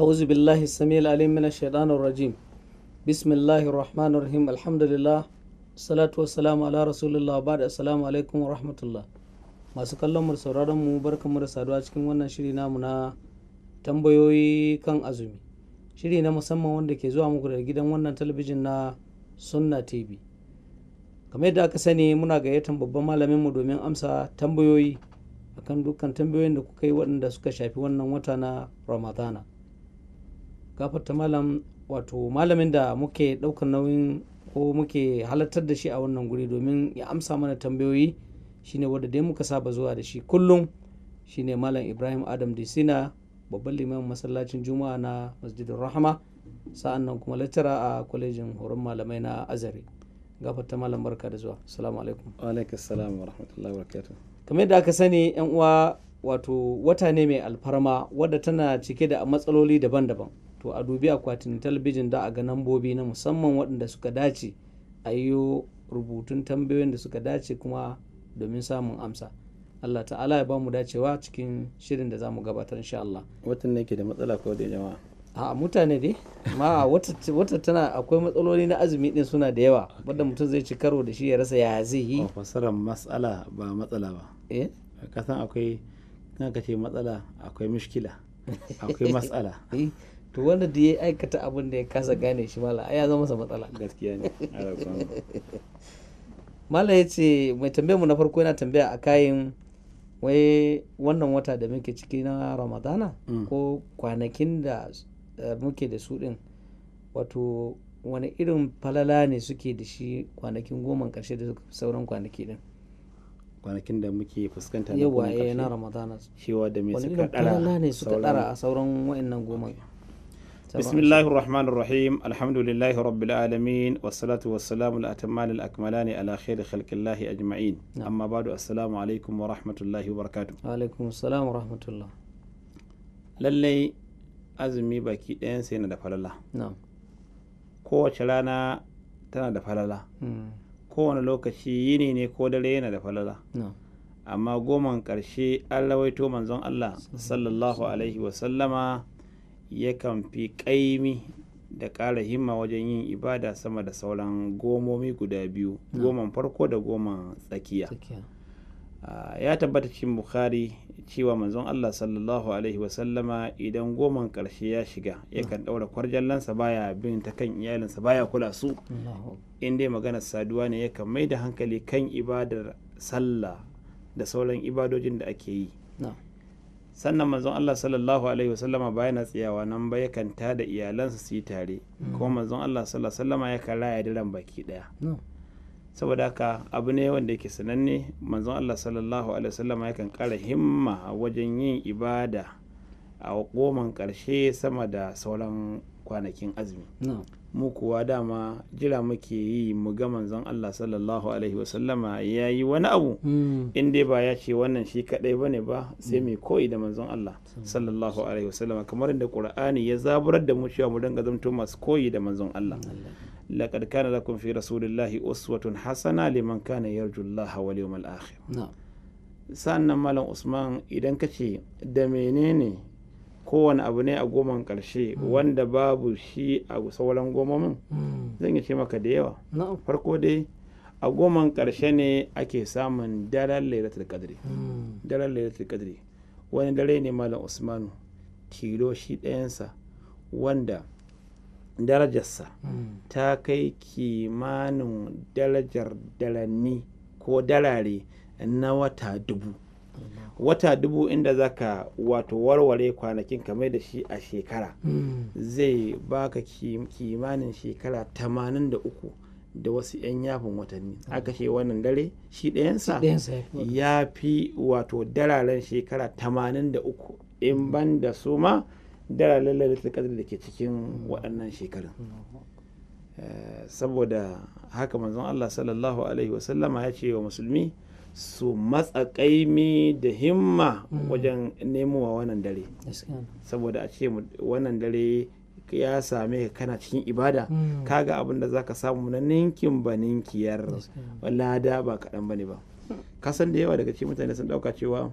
أعوذ بالله السميع العليم من الشيطان الرجيم بسم الله الرحمن الرحيم الحمد لله الصلاة والسلام على رسول الله بعد السلام masu kallon mu sauraron mu barkanmu da saduwa cikin wannan shiri namu na tambayoyi kan azumi shiri na musamman wanda ke zuwa muku da gidan wannan talabijin na sunna tv kamar yadda aka sani muna gayyatar babban malamin mu domin amsa tambayoyi akan dukkan tambayoyin da kuka yi waɗanda suka shafi wannan wata na ramadana gafarta malam wato malamin da muke ɗaukar nauyin ko muke halartar da shi a wannan guri domin ya amsa mana tambayoyi shine wanda dai muka saba zuwa da shi kullum shine malam ibrahim adam disina babban liman masallacin juma'a na masjidin rahama sa'an nan kuma lattara a kwalejin horon malamai na azare gafarta malam barka da zuwa assalamu alaikum wa alaikum assalam wa rahmatullahi wa kamar yadda aka sani yan uwa wato wata ne mai alfarma wadda tana cike da matsaloli daban-daban to a dubi akwatin talabijin da a ga nambobi na musamman waɗanda suka dace a yi rubutun tambayoyin da suka dace kuma domin samun amsa Allah ta'ala ya ba mu dacewa cikin shirin da za mu gabatar insha Allah watan ne ke da matsala ko da jama'a a mutane dai ma wata tana akwai matsaloli na azumi din suna da yawa wanda mutum zai ci karo da shi ya rasa ya zai yi oh, fasarar matsala ba matsala ba eh kasan akwai kan ka ce matsala akwai mushkila akwai matsala eh. to wanda da ya aikata abin da ya kasa gane shi mala ya zama masa matsala gaskiya ne mala ya ce mai tambayar mu na farko yana tambaya a kayan wai wannan wata da muke ciki na ramadana mm. ko kwanakin da eh, muke da su din wato wani irin falala ne suke da shi kwanakin goma karshe da sauran kwanaki din kwanakin da muke fuskanta na kuma karshe eh, na ramadana cewa da mai suka dara ne suka dara a sauran wa'annan goma بسم الله الرحمن الرحيم الحمد لله رب العالمين والصلاة والسلام الأتمان الأكملان على خير خلق الله أجمعين أما بعد السلام عليكم ورحمة الله وبركاته عليكم السلام ورحمة الله للي azumi baki ɗayan sai na da falala kowace rana tana da falala hmm. kowane lokaci yini ne ko dare yana da falala amma goman ƙarshe an rawaito manzon allah sallallahu alaihi wasallama yakan fi ƙaimi da ƙara himma wajen yin ibada sama da sauran gomomi guda biyu goman farko da goman tsakiya ah, ya tabbata cikin bukhari cewa manzon allah sallallahu alaihi wasallama idan goman ƙarshe ya shiga yakan ɗaura kwarjallansa baya bin ta kan iyalinsa baya kula su in dai maganar saduwa ne yakan mai da hankali kan ibadar sallah da sauran ibadojin da ake yi sannan manzon Allah sallallahu alaihi wasallama ba yana tsayawa nan ba yakan da iyalansa su yi tare mm. kuma manzon Allah sallallahu alaihi wasallama yakan raya ran baki daya saboda haka abu ne wanda yake sananne manzon Allah sallallahu alaihi wasallama yakan kara himma wajen yin ibada a goman karshe sama da sauran kwanakin azumi mu kuwa dama jira muke yi mu ga manzon Allah sallallahu alaihi wa ya yi wani abu hmm. in dai ba ya ce wannan shi kadai bane ba sai mai hmm. koyi da manzon Allah sallallahu alaihi wa sallama kamar inda Qur'ani ya zaburar da mu cewa mu danga zamto masu koyi da manzon Allah laqad kana lakum fi rasulillahi uswatun hasana liman kana yarju Allah wal yawmal akhir sannan malam Usman idan kace da menene kowane abu ne a goman ƙarshe mm. wanda babu shi a sauran gomomin mm. zan yi ce maka da yawa farko dai a goman ƙarshe ne ake samun daren lailatul kadri mm. daren kadri wani dare ne malam usmanu tilo shi ɗayansa wanda darajarsa ta kai kimanin darajar dalanni ko dalare na wata dubu wata dubu inda zaka wato warware kwanakin kamar da shi a shekara hmm. zai baka kimanin shekara tamanin da uku da wasu 'yan yafin watanni hmm. aka ce wannan dare shi ɗayansa ya fi wato dararen shekara tamanin da uku in hmm. ban da su ma dararen lalatar da ke cikin waɗannan shekarun eh, saboda haka manzon Allah sallallahu alaihi wasallama ya ce wa musulmi su matsa kaimi da himma mm. wajen nemowa wannan dare saboda a ce wannan dare ya same ka kana cikin ibada mm. kaga abin da zaka samu na ninkin ba ninkiyar lada ba kaɗan bane ba kasan da yawa daga cikin mutane sun ɗauka cewa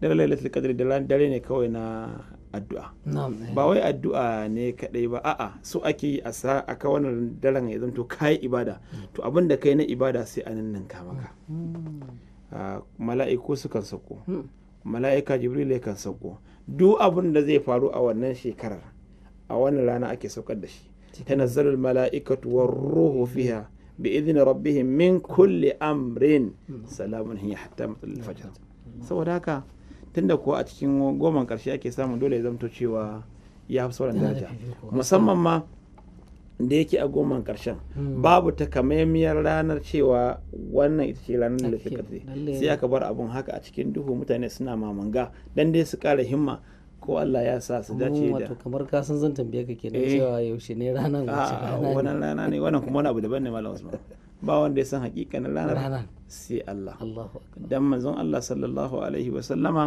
dare lailatul qadr da dare ne kawai na addu'a eh. ba wai addu'a ne kaɗai ba a'a so ake yi a sa a ka wannan daren ya zanto kayi ibada mm. to abin da kai na ibada sai a nan ka maka mm. ah, mala'iku sukan sauko mm. mala'ika jibril kan sauko duk abin da zai faru a wannan shekarar a wannan rana ake saukar da shi tanazzalul mala'ikatu war ruhu fiha bi idni rabbihim min kulli amrin salamun hiya hatta saboda haka tunda ko a cikin goma karshe ake samu dole ya zamto cewa ya fi sauran daraja musamman ma da yake a goman karshen hmm. babu takamaimiyar ranar cewa wannan ita ce ranar da ta sai aka bar abun haka a cikin duhu mutane suna mamanga dan dai su kara himma ko Allah ya sa su dace da wato kamar ka san zan tambaye ka kenan eh. cewa yaushe ne ranar wannan rana ne wannan kuma wani abu daban ne malam Usman ba wanda ya san hakikanin ranar sai Allah dan manzon Allah sallallahu alaihi wa sallama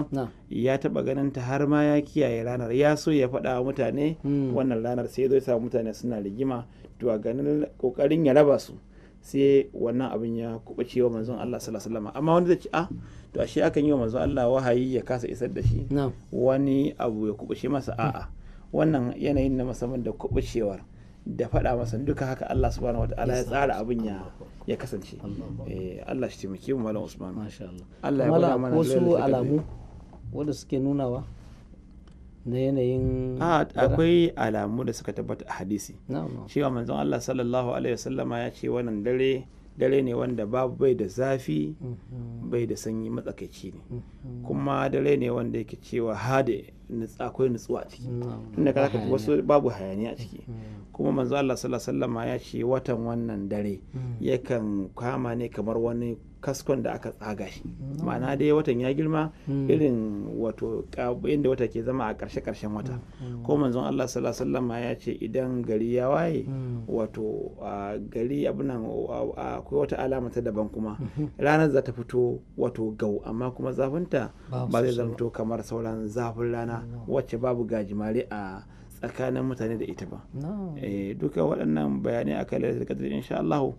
ya taba ganin ta har ma ya kiyaye ranar ya so ya faɗa wa mutane hmm. wannan ranar sai zai sa mutane suna rigima to a ganin kokarin ya raba su sai wannan abin ya kubace wa manzon Allah sallallahu alaihi wa sallama amma wanda zai ce a. Ah, to ashe akan yi wa manzon Allah wahayi ya kasa isar da shi wani abu ya kubuce masa a'a wannan yanayin na musamman da kubucewar da faɗa masa duka haka Allah subhanahu wataala ya tsara abin ya ya kasance eh, Allah shi taimake mu malam Usman masha Allah Allah ya gwada mana wasu alamu wanda suke nunawa na yanayin ah, akwai alamu da suka tabbata a hadisi cewa manzon Allah sallallahu alaihi wasallama ya ce wannan dare dare ne wanda babu bai da zafi mm-hmm. bai da sanyi matsakaici ne mm-hmm. kuma dare ne wanda yake cewa hada akwai nutsuwa a ciki inda mm-hmm. ka wasu babu hayaniya a ciki kuma manzo Allah sallallahu alaihi ya ce watan wannan dare yakan kama ne kamar wani kaskon da aka tsaga shi mm. ma'ana dai watan ya girma mm. irin wato yadda wata ke zama a karshe karshen wata mm. ko manzon Allah sallallahu alaihi ya ce idan gari ya waye wato gari abunan akwai wata alama ta daban kuma mm-hmm. ranar za ta fito wato gau amma kuma zafinta ba zai zamto kamar sauran zafin rana wacce babu gajimare a tsakanin mutane da ita ba eh, duka waɗannan bayanai akan lailatul qadr insha Allah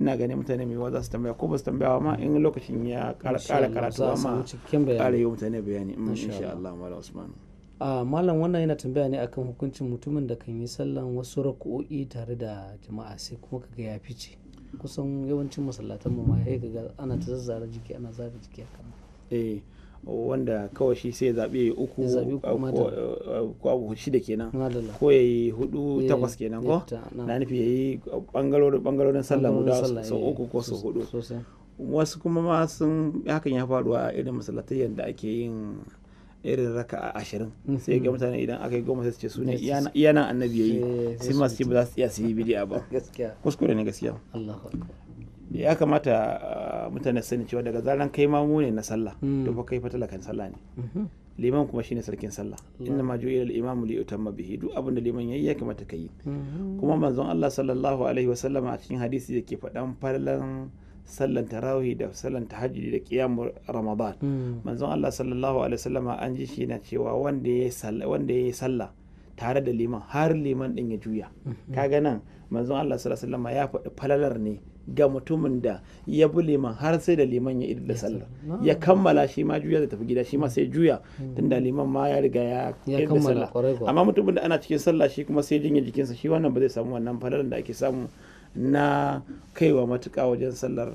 ina ganin mutane mai yawa za su tambaya ko ba su tambaya ma in lokacin ya kara karatu ma kara yi mutane bayani mm, insha Allah malam Usman a ah, malam wannan yana tambaya ne akan hukuncin mutumin da kan yi sallan wasu rako'i tare da jama'a sai kuma kaga ya fice kusan yawancin masallatan mu ma sai kaga ana ta zazzara jiki ana zaga jiki haka eh wanda kawai shi sai zaɓe uku ko abu shida kenan ko ya yi hudu takwas kenan ko na nufi ya yi ɓangarorin sallah guda sau uku ko sau hudu wasu kuma ma sun hakan ya faruwa a irin masallatai da ake yin irin raka a ashirin mm-hmm. sai ga mutane idan aka yi goma sai su ce su ne iyanan annabi ya yi sai masu ce ba za su iya su yi bidiya ba kuskure ne gaskiya ya kamata mutane sani cewa daga zaran kai ma mu ne na sallah to mm. fa kai fa talakan sallah ne mhm. liman kuma shine sarkin sallah inna ma ju'ila al-imamu li yutamma bihi duk abin da liman yayi ya kamata kai mhm. kuma manzon Allah sallallahu alaihi wa sallama a cikin hadisi yake faɗan farlan sallan tarawih da sallan tahajjudi da qiyamul ramadan mm. manzon Allah sallallahu alaihi wa sallama an ji shi na cewa wanda ya wanda yayi sallah tare da liman har liman din ya juya mhm. kaga nan manzon Allah sallallahu alaihi wa sallama ya faɗi falalar ne ga mutumin da ya bi liman har sai da liman ya idda da sallar ya kammala shi ma juya da tafi gida shi ma mm. sai juya mm. tun da liman ma ya riga ya da sallar amma mutumin da ana cikin sallah shi kuma sai jinya jikinsa shi wannan ba zai samu wannan falalan da ake samu na kaiwa matuka wajen sallar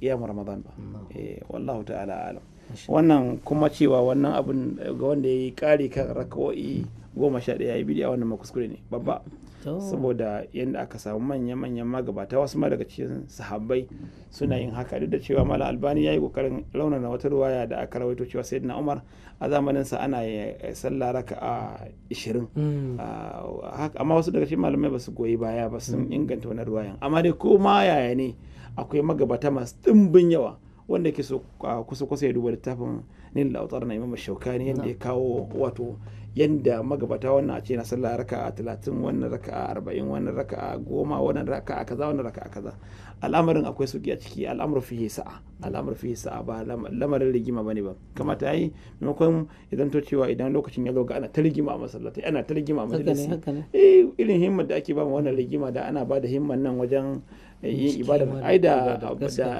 ƙiyamar ah, ramadan ba eh, wallahu ta'ala alam wannan kuma cewa wannan abin ga wanda ya yi ƙari kan raka'o'i goma sha ɗaya ya yi bidiyo wannan makuskure ne babba saboda yadda aka samu manya-manyan magabata wasu ma daga cikin sahabbai suna yin haka duk da cewa mala albani ya yi kokarin na wata ruwaya da aka rawaito cewa sayyidina umar a zamanin sa ana eh, sallah raka a ishirin hmm. ah, amma wasu daga cikin malamai ba su goyi baya ba sun inganta wani ruwayan amma dai ko ma yaya ne akwai magabata masu ɗimbin yawa wanda ke so ah, kusa-kusa ya duba littafin nil lautar na imam shaukani yadda ya kawo wato yadda magabata wannan a ce na sallah raka a talatin wannan raka a arba'in wannan raka a goma wannan raka a kaza wannan raka a kaza al'amarin akwai sauki a ciki al'amur fihi sa'a al'amur fihi sa'a ba lamarin rigima bane ba kamata yi maimakon idan to cewa idan lokacin ya zo ga ana ta rigima a masallatai ana ta rigima a majalisi eh irin himmar da ake ba wannan rigima da ana ba da himmar nan wajen eh, yin ibada ai da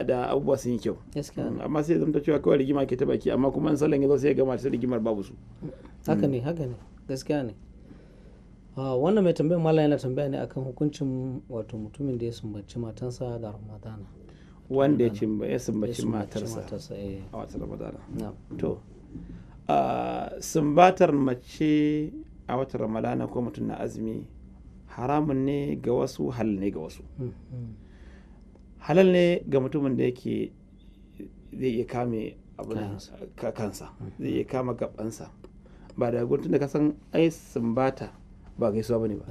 da abubuwa sun yi kyau amma sai ta cewa kawai rigima ke ta baki amma kuma man sallan ya zo sai ya gama sai rigimar babu su haka mm. ne haka ne gaskiya ne ah, wannan mai tambayar mala yana tambaya ne akan hukuncin wato mutumin da ya sumbaci matansa da ramadana wanda ya sumbaci matarsa eh. a watan ramadana to ah, sumbatar mace a watan ramadana ko mutum na azumi haramun ne ga wasu halal ne ga wasu mm, mm. halal ne ga mutumin da yake zai iya kame abin kansa zai iya kama gabansa ba da guntun da kasan ai sumbata ba gaisuwa bane ba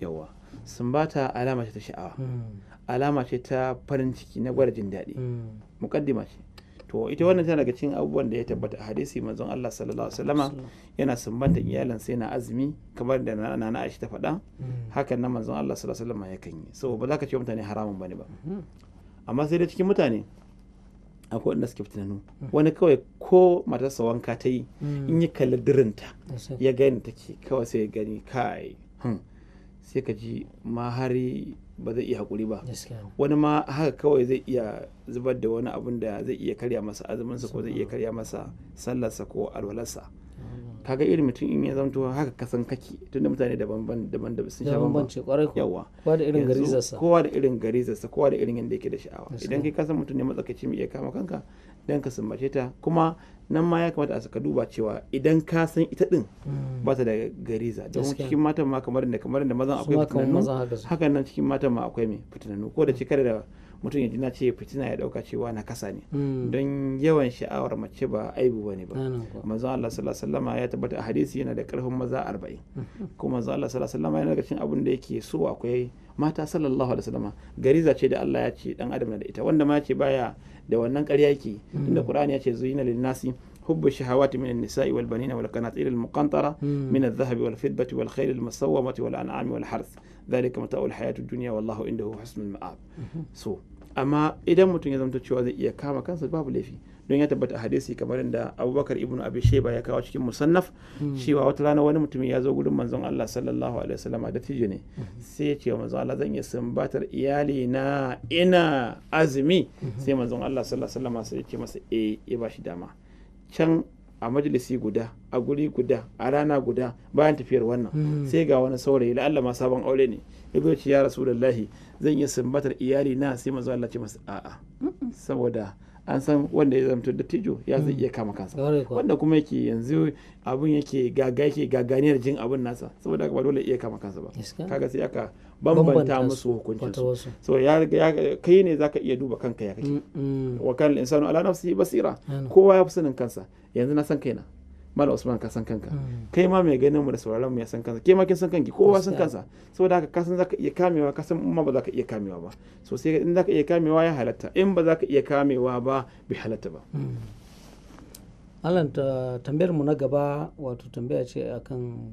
yawa sumbata alama ce ta sha'awa hmm. alama ce ta farin ciki na gwada jin daɗi hmm. mukaddima ce to ita wannan tana daga cikin abubuwan da ya tabbata a hadisi manzon Allah sallallahu alaihi wasallama yana sumbanta iyalan sai na azumi kamar da nana Aisha ta faɗa hmm. hakan nan manzon Allah sallallahu alaihi wasallama yakan yi so ba za ka ce mutane haramun bane ba amma sai da cikin mutane akwai wanda suke tunanin wani kawai ko matarsa wanka ta yi mm. in yi kalli dirinta ya gani take kawai sai ya gani kai hmm, sai ka ji ma har ba zai iya haƙuri ba wani ma haka kawai zai iya zubar da wani abun da zai iya karya masa azuminsa ko zai iya karya masa sallarsa ko alwalarsa kaga irin mutum in ya zanto haka kasan kake tunda mutane daban-daban daban da sun sha bamban ce kwarai yawa kowa da irin garizarsa kowa da irin garizarsa kowa da irin yanda yake da sha'awa idan kai kasan mutum ne matsakaici mai iya kama kanka dan ka sumbace ta kuma nan ma ya kamata a saka duba cewa idan ka san ita din mm. ba ta da gariza don cikin matan ma kamar da kamar da mazan akwai fitinannu hakan nan cikin matan ma akwai mai fitinannu ko da cikar mm. da mutum ya ji na ce fitina ya dauka cewa na kasa ne hmm. don yawan sha'awar mace ba aibu ne ba manzon Allah sallallahu alaihi wasallam ya tabbata a hadisi yana da karfin maza arba'in. Hmm. kuma manzon Allah sallallahu alaihi wasallam yana cikin abin da yake so akwai mata sallallahu alaihi wasallam gariza ce da Allah ya ce dan adam na da ita wanda ma ce baya da wannan ƙarya yake inda hmm. Qur'ani ya ce zuyina lin nasi حب الشهوات من النساء والبنين والقناطير المقنطرة wal الذهب والفضة والخيل المسومة والأنعام والحرث ذلك متاع الحياة الدنيا والله عنده حسن المآب سو so, amma idan mutum ya zama cewa zai iya kama kansa babu laifi don ya tabbata hadisi kamar da abubakar ibn abi sheba ya kawo cikin musannaf hmm. cewa wata rana wani mutum ya zo gudun manzon Allah sallallahu alaihi wasallam da tije ne hmm. sai ya ce wa manzon Allah zan iya sumbatar iyali na ina azumi hmm. sai manzon Allah sallallahu alaihi wasallam sai ya ce masa eh ya bashi dama can a majalisi guda a guri guda a rana guda bayan tafiyar wannan hmm. sai ga wani saurayi Allah ma sabon aure ne ya zo ce ya rasulullahi zan yi sumbatar iyali na sai manzo Allah ce masa a'a saboda an san wanda ya zamto dattijo ya zai hmm. iya kama kansa wanda kuma yake yanzu abun yake gaga yake gaganiyar jin abun nasa saboda ba dole iya kama kansa ba kaga sai aka bambanta musu hukuncinsu so ya kai ne zaka iya duba kanka ya kake mm, mm. wa kan insanu ala nafsi basira kowa ya fi sanin kansa yanzu na san kaina mala usman ka san kanka mm. kai ma mai ganin mu da sauraron mu ya san kansa kai ma kin san kanki kowa san kansa saboda haka ka san zaka iya kamewa ka san ma ba zaka iya kamewa ba so sai in zaka iya kamewa ya halatta in ba zaka iya kamewa ba bi halatta ba Allah tambayar mu na gaba wato tambaya ce akan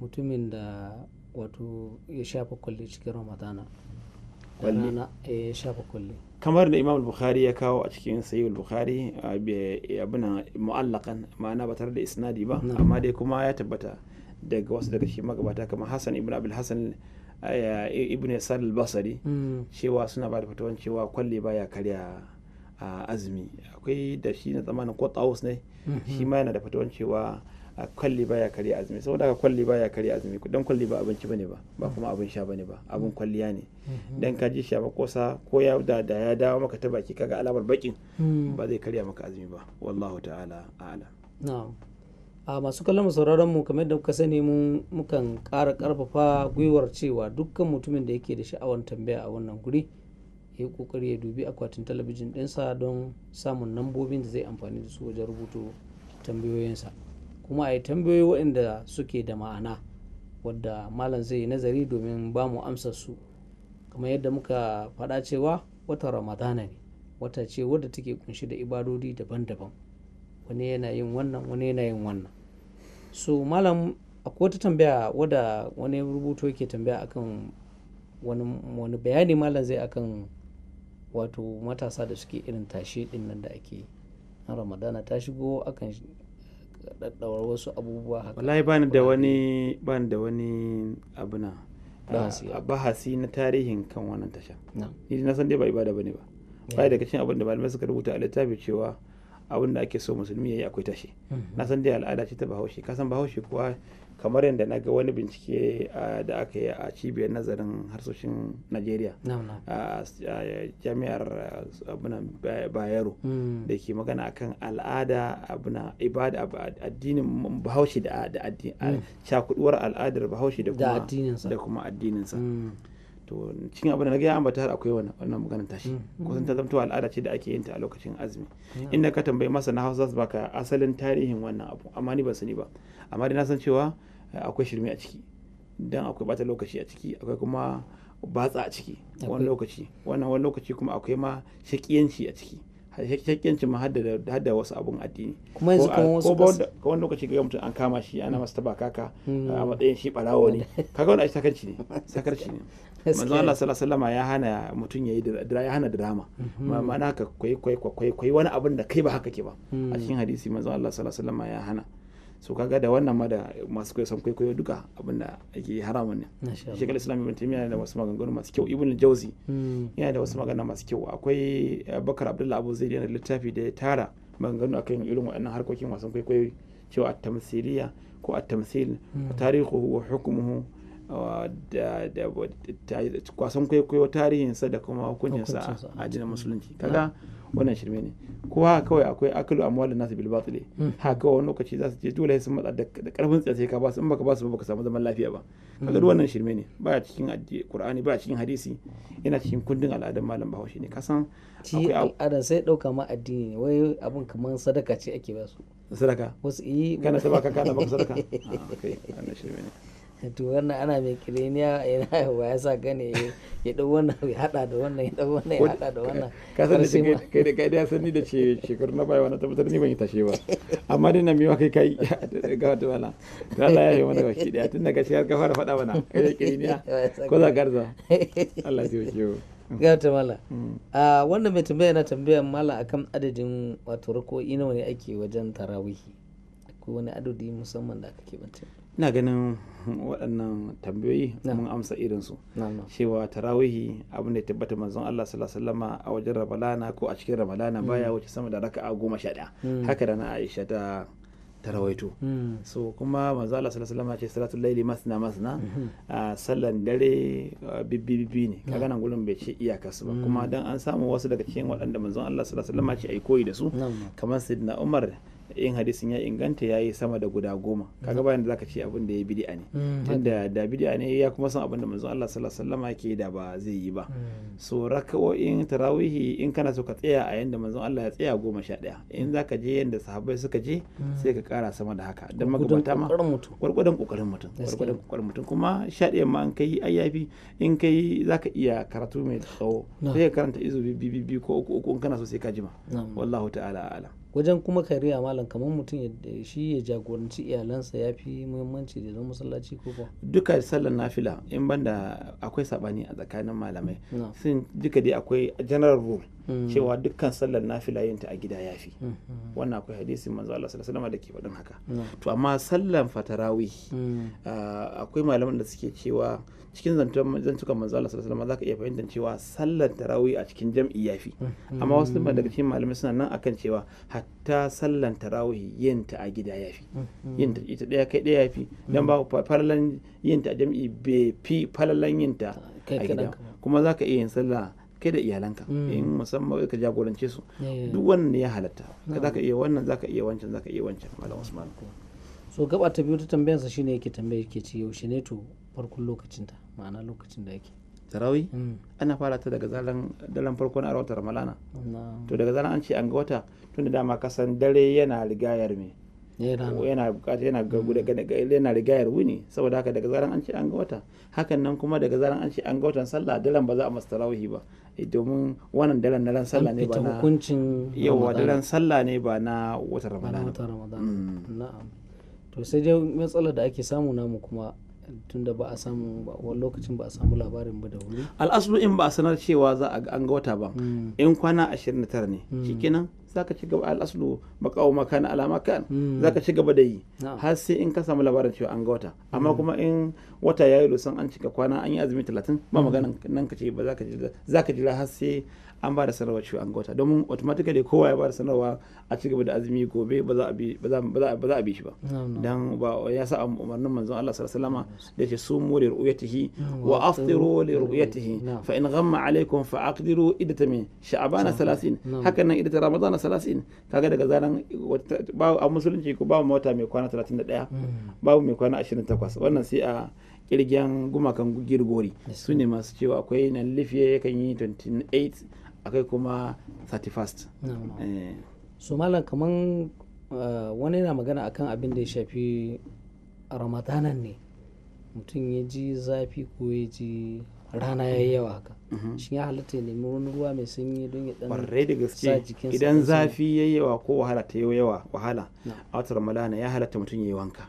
mutumin da wato ya shafa cikin ramadana eh, ya shafa kamar da imam bukhari ya kawo a cikin sayi bukhari abin mu'allakan ma'ana ba tare da isnadi ba amma dai kuma ya tabbata daga wasu daga cikin magabata kamar hassan ibn abul hassan ibn sal basari hmm. cewa suna ba da fatawan cewa kwalle ya karya azumi akwai da shi na zamanin ko ne mhm. shi ma yana da fatawan cewa a kwalli baya kare azumi saboda ka kwalli baya kare azumi don kwalli ba abinci bane ba ba kuma abin sha bane ba abin kwalliya ne mm-hmm. dan ka ji sha ba kosa ko ya da ya dawo maka ta baki kaga alamar bakin mm. ba zai karya maka azumi ba wallahu ta'ala a'lam na'am a masu kallon sauraron mu kamar da kuka sani mun mukan kara karfafa gwiwar cewa dukkan mutumin da yake da sha'awar tambaya a wannan guri ya kokari ya dubi akwatin talabijin ɗinsa don samun nambobin da zai amfani da su wajen rubuto tambayoyinsa kuma a yi tambayoyi waɗanda suke da ma'ana wadda malam zai yi nazari domin ba mu amsar su kamar yadda muka faɗa cewa wata ramadana ne wata ce wadda take kunshi da ibadodi daban-daban wani yana yin wannan wani yana yin wannan so malam akwai wata tambaya wadda wani rubuto yake tambaya akan wani bayani malam zai akan wato matasa da suke irin tashe din nan da ake na ramadana ta shigo akan daddawar wasu abubuwa haka wallahi bani da wani bani da wani abu na bahasi na tarihin kan wannan tasha ni na san dai ba ibada bane ba bai daga cikin abin da malamai suka rubuta a littafi cewa abin da ake so musulmi yayi akwai tashi mhm. na san dai al'ada ce ta bahaushe ka san bahaushe kuwa kamar yadda na ga wani bincike da aka yi a cibiyar nazarin harsoshin najeriya a jami'ar bayero hmm. da ke magana akan al'ada abuna ibada addinin bahaushe da hmm. cakuduwar al'adar bahaushe da kuma addininsa hmm. to cikin abin da na ga ya ambata har akwai wannan maganar tashi mm. kusan ta zamto al'ada ce da ake yin ta a lokacin azumi inda ka tambayi masa na hausa su baka asalin tarihin wannan abu amma ni ban sani ba amma dai na san cewa eh, akwai shirme a ciki dan akwai bata lokaci a ciki akwai kuma batsa a ciki wani lokaci wannan wani lokaci kuma akwai ma shakiyanci a ciki hakkiyancin ma hadda wasu abun addini kuma yanzu kuma wasu ko wani lokaci ga mutum an kama shi ana masa taba kaka hmm. a matsayin shi barawo ne kaga wani aiki sakarci ne sakarci ne manzo Allah sallallahu alaihi ya hana mutum yayi ya hana drama hmm. ma'ana ka kwai kwai kwai wani abin da kai ba haka ke ba a hmm. cikin hadisi manzo Allah sallallahu alaihi ya hana so kaga da wannan ma da masu kwaikwayo duka abinda ake haramun ne shekar islam ibn taymiya yana da wasu maganganu masu kyau ibn jauzi hmm. yana da wasu magana masu kyau akwai eh, bakar abdullahi abu zaid yana da littafi da ya tara maganganu akan irin waɗannan harkokin wasan kwaikwayo cewa at-tamsiliya ko at tamsil hmm. tarihuhu wa hukmuhu da kwasan kwaikwayo tarihinsa da kuma hukuncinsa a jinin musulunci mm. kaga wannan shirme ne kowa kawai akwai akalu amwalin nasu bil batili mm. haka kawai wani lokaci za su je dole sun matsa da karfin tsaye ka ba su in baka ba su ba ka samu zaman lafiya ba kaga duk mm. wannan shirme ne baya cikin qur'ani baya cikin hadisi yana cikin kundin al'adar malam bahaushe ne kasan ci al'ada sai dauka ma addini ne wai abin kamar sadaka ce ake ba su sadaka wasu yi kana sabaka kana baka sadaka a ah, kai wannan shirme ne to wannan ana mai kiriniya ina wa ya sa gane ya dau wannan ya hada da wannan ya dau wannan ya hada da wannan ka san da kai da kai da sani da ce shekaru na baya wannan tabbatar ni ban yi tashe ba amma dai na miwa kai kai ga wata bala to Allah ya yi mana baki daya tun daga shi ka fara faɗa mana kai kiriniya ko za garza Allah ya yi ga ta mala mm. a wannan mai tambaya na tambaya mala akan adadin wato rako'i nawa ne ake wajen tarawihi ko wani adadi musamman da aka keɓance ina ganin waɗannan tambayoyi mun amsa irin su cewa tarawihi abin da ya tabbata manzon Allah sallallahu alaihi a wajen ramadana ko a cikin ramadana hmm. baya wuce sama da raka'a goma sha ɗaya hmm. haka da na Aisha ta tarawaito hmm. so kuma manzon Allah sallallahu alaihi wasallam ce salatul laili masna masna sallan dare bibbi ne kaga nan gurin bai ce iyaka su ba kuma dan an samu wasu daga cikin waɗanda manzon Allah sallallahu alaihi wasallam ce ai koyi da su kamar sayyidina Umar in hadisin ya inganta ya yi sama da guda goma kaga bayan da zaka ce abin da ya bid'a ne mm. tunda da bid'a ne ya kuma san abin da manzon Allah sallallahu alaihi wasallam ke da ba zai yi ba mm. so raka'o'in tarawihi in kana so ka tsaya a yanda manzon Allah ya tsaya goma sha ɗaya in zaka je yanda sahabbai suka je mm. sai ka kara sama da haka dan magabata ma gwargwadon kokarin mutum gwargwadon kokarin mutum kuma sha ɗaya ma in kai ayyafi in kai zaka iya karatu mai tsawo sai ka karanta izu bi bi ko uku uku in kana so sai ka jima wallahu ta'ala a'lam wajen kuma kariya malam kamar mutum shi ya jagoranci iyalansa ya fi muhimmanci da zama masallaci ko ba duka sallar nafila in banda akwai sabani a tsakanin malamai sun duka dai akwai general rule hmm. cewa dukkan sallar nafila yin ta a gida ya fi hmm, hmm. wannan akwai hadisin manzo Allah sallallahu alaihi da ke faɗin haka to amma sallar fatarawi ah, akwai malaman da suke cewa cikin zantukan manzo Allah sallallahu alaihi ka iya fahimtar cewa sallar tarawih a cikin jam'i ya fi amma wasu daga cikin malamai suna nan akan cewa Ta sallan tarawihi yin mm-hmm. mm-hmm. ta a gida fi yin ta ita daya kai daya fi don ba falalan yin ta a jami'i bai fi falalan yin ta a gida kuma ka iya yin sallah kai da iyalanka mm. in musamman ka jagorance su duk wannan ya halatta ka ka iya wannan za ka iya wancan ka iya wancan malam usman so gaba ta biyu ta tambayansa shine yake tambaye yake ce yaushe ne to farkon lokacin ta ma'ana lokacin da yake tarawi mm. ana fara ta daga zalan dalan farko na watan ramalana to daga zalan an ce an ga wata tunda dama kasan dare yana rigayar me yana bukata yana mm. yana rigayar wuni saboda haka daga zalan an ce an ga wata hakan nan kuma daga zalan an ce an ga watan sallah dalan ba za a masa tarawihi ba eh, domin wannan dalan na ran sallah ne ba na hukuncin yawa dalan sallah ne ba na wata ramadana mm. na'am to sai dai matsalar da ake samu namu kuma tunda ba a samu wani lokacin ba a samu labarin ba da wuri al'aslu in ba a sanar cewa za a ga an ga wata ba hmm. in kwana 29 ne hmm. shikenan zaka ci gaba al'aslu makawo makana alama kan hmm. zaka ci gaba da yi har sai in ka samu labarin cewa an ga wata amma hmm. kuma in wata yayi lusan an cika kwana an yi azumi talatin ba hmm. maganan nan ka ce ba zaka jira zaka jira har sai an ba da sanarwa cewa an ga wata domin automatically kowa ya ba da sanarwa a ci gaba da azumi gobe ba za a bi ba za a bi shi ba dan ba ya sa umarnin manzon Allah sallallahu alaihi wasallama da ce sumu li ru'yatihi wa aftiru li ru'yatihi fa in ghamma alaikum fa aqdiru idatami sha'bana 30 hakan nan idatar ramadana salasin kaga daga zaran a musulunci ko babu mota mai kwana 31 mm. babu mai kwana 28 wannan sai a kirgiyan gumakan girgori su ne masu cewa akwai nan lifiye yakan yi 28 akwai kuma 31 eh. su malam kaman eh, wani yana magana akan abin da ya shafi ramadanan ne mutum ya ji zafi ko ya ji rana ya yawa haka mm-hmm. shi ya halatta ya nemi wani ruwa mai sanyi don ya dan ƙwarai da gaske idan zafi ya yi yawa ko wahala ta yi yawa wahala a watan ramadana ya halatta mutum ya yi wanka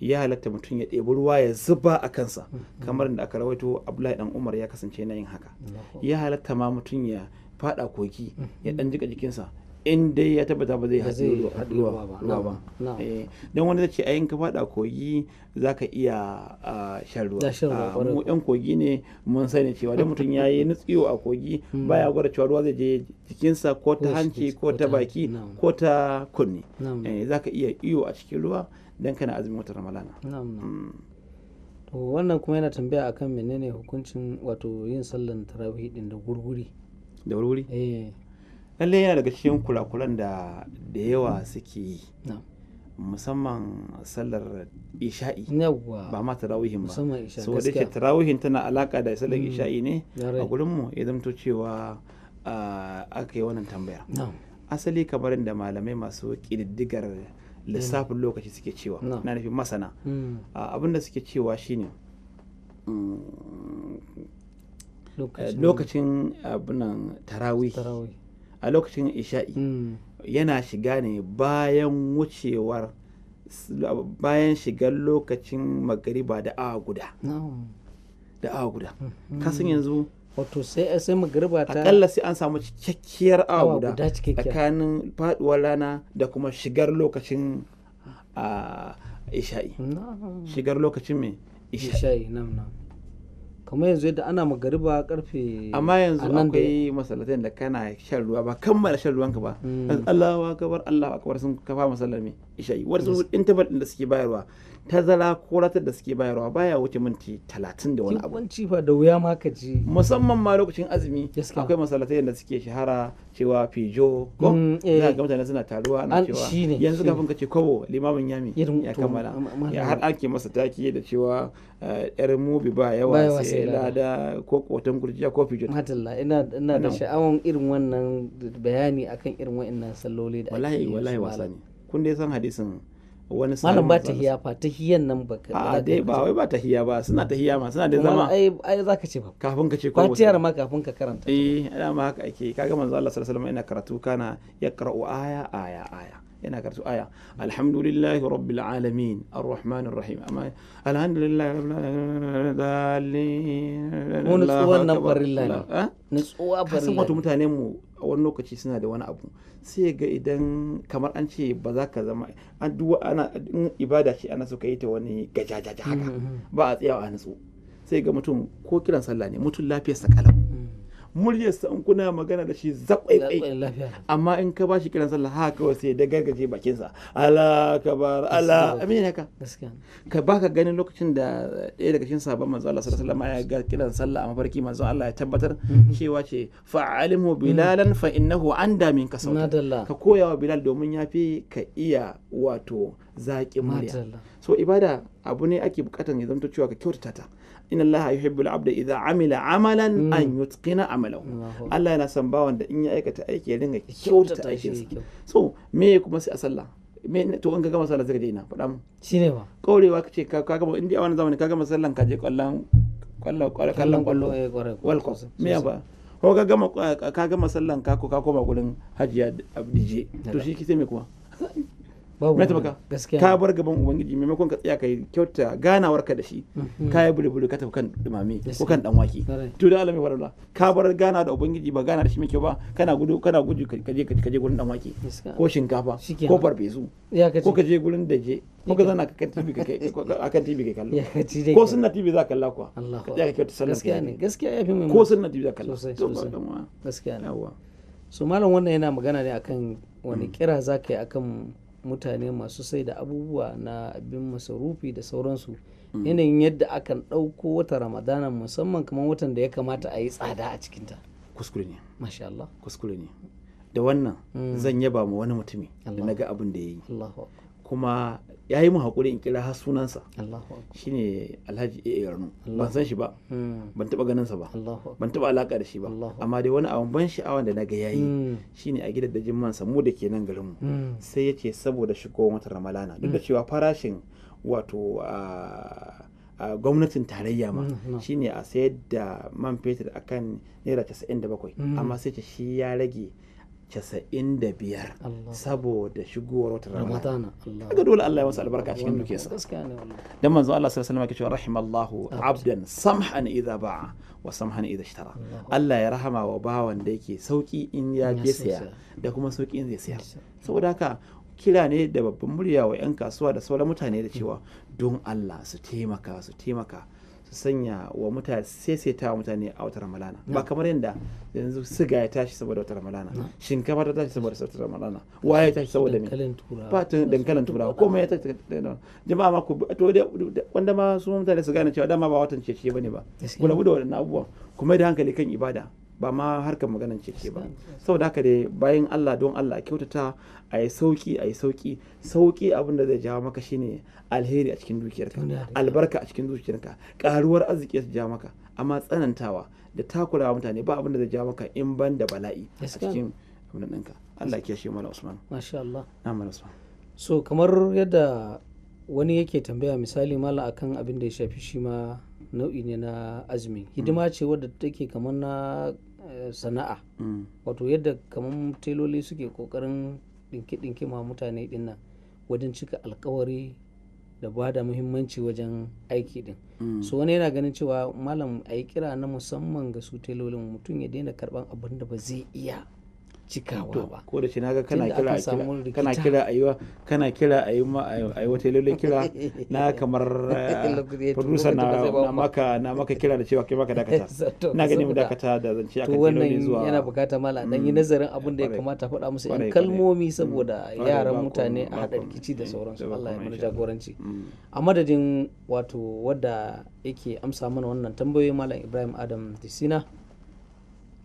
ya halatta mutum ya ɗebi ruwa ya zuba a kansa mm-hmm. kamar da aka rawaito abdullahi dan umar ya kasance na yin haka ya halatta ma mutum ya faɗa kogi ya dan mm-hmm. jika jikinsa in dai ya tabbata ba zai haɗuwa ba eh, don wani zai ce a ka faɗa kogi za ka iya shan ruwa ah, mu yan kogi ne mun sani cewa don mutum ya yi nutsiyo a kogi hmm. baya gwada cewa ruwa zai je jikinsa ko ta hanci ko ta baki ko ta kunni eh, za ka iya iyo a cikin ruwa don kana azumin wata ramalana hmm. wannan kuma yana tambaya akan menene hukuncin wato yin sallan tarawih din da gurguri da eh lallai yana daga cikin kurakuran da da yawa suke yi musamman sallar isha'i ba ma tarawihin ba so da ke tarawihin tana alaka da sallar mm, isha'i ne a gurinmu ya zamto cewa aka yi wannan tambaya asali kamar da malamai masu ƙididdigar lissafin lokaci suke cewa na nufin masana mm. abinda suke cewa shine mm, lokacin abinan tarawih a lokacin isha'i hmm. yana shiga ne bayan wucewar bayan shigar lokacin magariba da awa guda da awa guda hmm. kasan yanzu wato sai sai magariba ta akalla sai an samu cikakkiyar awa guda tsakanin faduwar rana da kuma shigar lokacin ah, isha'i shigar lokacin mai isha'i kamar yanzu yadda ana magariba karfe amma yanzu akwai masallatai da kana shan ruwa ba kammala shan ruwanka ba mm. Allahu allah Allahu kabar sun kafa masallami me isha'i wasu interval din da suke bayarwa tazara ko ratar da suke bayarwa baya wuce minti talatin da wani abu. Yawanci fa da wuya ma ka ji. Musamman ma lokacin azumi akwai masallatai da suke shahara cewa fijo ko mm, eh. za ga mutane suna taruwa na cewa yanzu kafin ka ce kobo limamin yami ya kammala ya har ake masa taki da cewa eh, yar mubi ba yawa sai lada ko kotan gurjiya ko fijo. Matalla ina ina da sha'awan irin wannan bayani akan irin wa'annan salloli da ake yi. Wallahi wallahi wasa ne. Kun dai san hadisin wani sa'in malam ba tahiya fa tahiyan nan ba ka a dai ba wai ba tahiya ba suna tahiya ma suna da zama ai ai zaka ce ba kafin ka ce ko fatiyar ma kafin ka karanta eh ana ma haka ake kaga manzo Allah sallallahu alaihi wasallam yana karatu kana ya yaqra'u aya aya aya yana karatu aya alhamdulillahi rabbil alamin arrahmanir rahim amma alhamdulillahi rabbil alamin mun tsuwan nan barilla ne nutsuwa barilla kasan mutane mu wani lokaci suna da wani abu sai ga idan kamar an ce ba za ka zama an duwa ana ibada ce ana so ka yi ta wani gajajaja haka mm-hmm. ba a tsayawa a nutsu sai ga mutum ko kiran sallah ne mutum lafiyarsa kalau muryarsa in kuna magana da shi zaɓaiɓai amma in ka ba shi kiran sallah haka kawai sai da gargaje bakinsa ala kabar ala amin haka ka baka ganin lokacin da ɗaya daga cikin sabon manzo Allah sallallahu alaihi wasallam ya ga kiran sallah a mafarki manzo Allah ya tabbatar mhm. cewa ce fa'alimu bilalan fa innahu anda min ka ka koya wa bilal domin ya fi ka iya wato zaƙin murya so ibada abu ne ake bukatar ya zanto cewa ka kyautata ta inna allaha yuhibbul abda idza amila amalan an yutqina amalahu Allah yana san bawan da in ya aikata aiki ya dinga kyautata aiki. so me kuma sai a sallah me to in ka gama sallah zaka je ina faɗa mu shine ba kaurewa kace ka ka gama indiya wannan zamani ka gama sallan ka je kallon kallon kallon kwallon wal me ba ko ka gama ka gama sallan ka ko ka koma gurin hajiya abdije to shi kike me kuma baka. Gaskiya. ka bar gaban ubangiji maimakon ka tsaya ka kyauta ganawar ka da shi mhm. ka yi bulbulu ka tafi kan dumame ko kan dan wake to da alamai warala ka bar gana da ubangiji ba gana da shi mai kyau ba kana gudu kana guju ka je ka je gurin dan wake ko shinkafa ko farfesu ko ka je gurin da je. ko ka zana kan tv ka kai akan tv ka kallo ko sunna tv za ka kalla kuwa ka tsaya ka kyauta sallah gaskiya ne gaskiya ya fi mai ko sunna tv za ka kalla gaskiya ne so malam wannan yana magana ne akan wani mm. kira za yi akan mutane masu sai da abubuwa na abin masarufi da sauransu mm. yanayin yadda akan ɗauko wata ramadana musamman kamar watan da ya kamata a yi tsada a cikinta kuskure ne mashallah kuskure ne da wannan mm. zan yaba ma wani mutumi da naga abin da ya yi kuma ya yi mu haƙuri in kira har sunansa ne alhaji a yarnu ban san shi ba hmm. ban taɓa ganin sa ba ban taɓa alaƙa da shi ba amma dai wani abin ban sha'awa da na ga yayi hmm. ne a gidan da jin man mu da ke nan garinmu hmm. sai ya ce saboda shigowar wata ramalana duk da cewa farashin wato a gwamnatin tarayya ma shi ne a sayar da man fetur akan naira 97 amma sai ce shi ya rage casa'in da biyar saboda shigowar wata ramadana kaga dole Allah ya masa albarka cikin sa dan manzo Allah sallallahu alaihi wasallam yake cewa rahimallahu abdan samhan idza ba'a wa samhan idza ishtara Allah ya rahama wa bawan da yake sauki in ya je saya da kuma sauki in zai sayar saboda haka kira ne da babban murya wa 'yan kasuwa da sauran mutane da cewa don Allah su taimaka su taimaka su sanya wa mutane saisaita wa mutane a wata ramalana ba kamar yadda yanzu siga ya tashi saboda wata ramalana shinkafa ta tashi saboda wata ramalana waya ya tashi saboda me fatin dankalin turawa komai ya tashi jama'a ma ku to wanda ma su mutane su gane cewa dama ba watan ce bane ba kula da waɗannan abubuwan kuma da hankali kan ibada ba ma harkar maganan ke ba saboda haka dai bayan Allah don Allah kyautata a yi sauki a yi sauki sauki abin zai jawo maka shine alheri a cikin dukiyarka albarka a cikin dukiyarka karuwar arziki su jawo maka amma tsanantawa da takurawa mutane ba abin zai jawo maka in ban da bala'i a cikin ɗinka Allah shi mala Usman masha Allah na Usman so kamar yadda wani yake tambaya misali mala akan abin da ya shafi shi ma nau'i ne na azumi mm. hidima ce wadda take kamar na eh, sana'a mm. wato yadda kamar teloli suke kokarin dinki-dinki ma mutane din nan wajen cika alkawari da ba da muhimmanci wajen aiki din mm. so wani yana ganin cewa malam a yi kira na musamman ga su telolin mutum ya daina karban abin da ba zai iya cikawa ba ko da shi naga kana kira kana kira ayuwa kana kira ayuma ayuwa wata lalle kira na kamar eh, producer na maka na maka kira da cewa kai maka dakata na gani mu dakata da zance akan wannan zuwa yana bukata mala dan yi mm, nazarin abin da ya kamata faɗa musu in kalmomi mm, saboda yaran mutane a hada rikici da eh, sauransu Allah ya mana jagoranci mm. a madadin wato wadda yake amsa mana wannan tambayoyi malam Ibrahim Adam Disina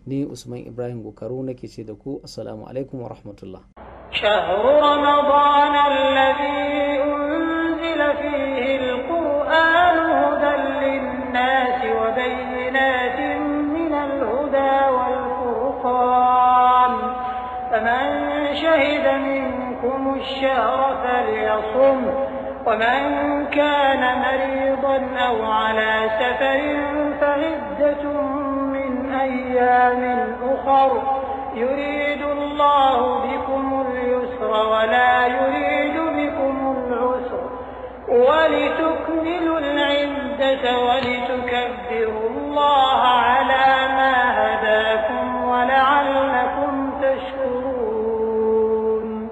ني usman إبراهيم gokaru nake ce السلام عليكم ورحمة الله شهر رمضان الذي أنزل فيه القرآن هدى للناس وبينات من الهدى والفرقان فمن شهد منكم الشهر فليصم ومن كان مريضا أو على سفر فعدة أيام أخر يريد الله بكم اليسر ولا يريد بكم العسر ولتكملوا العدة ولتكبروا الله على ما هداكم ولعلكم تشكرون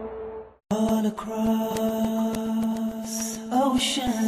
All across ocean oh,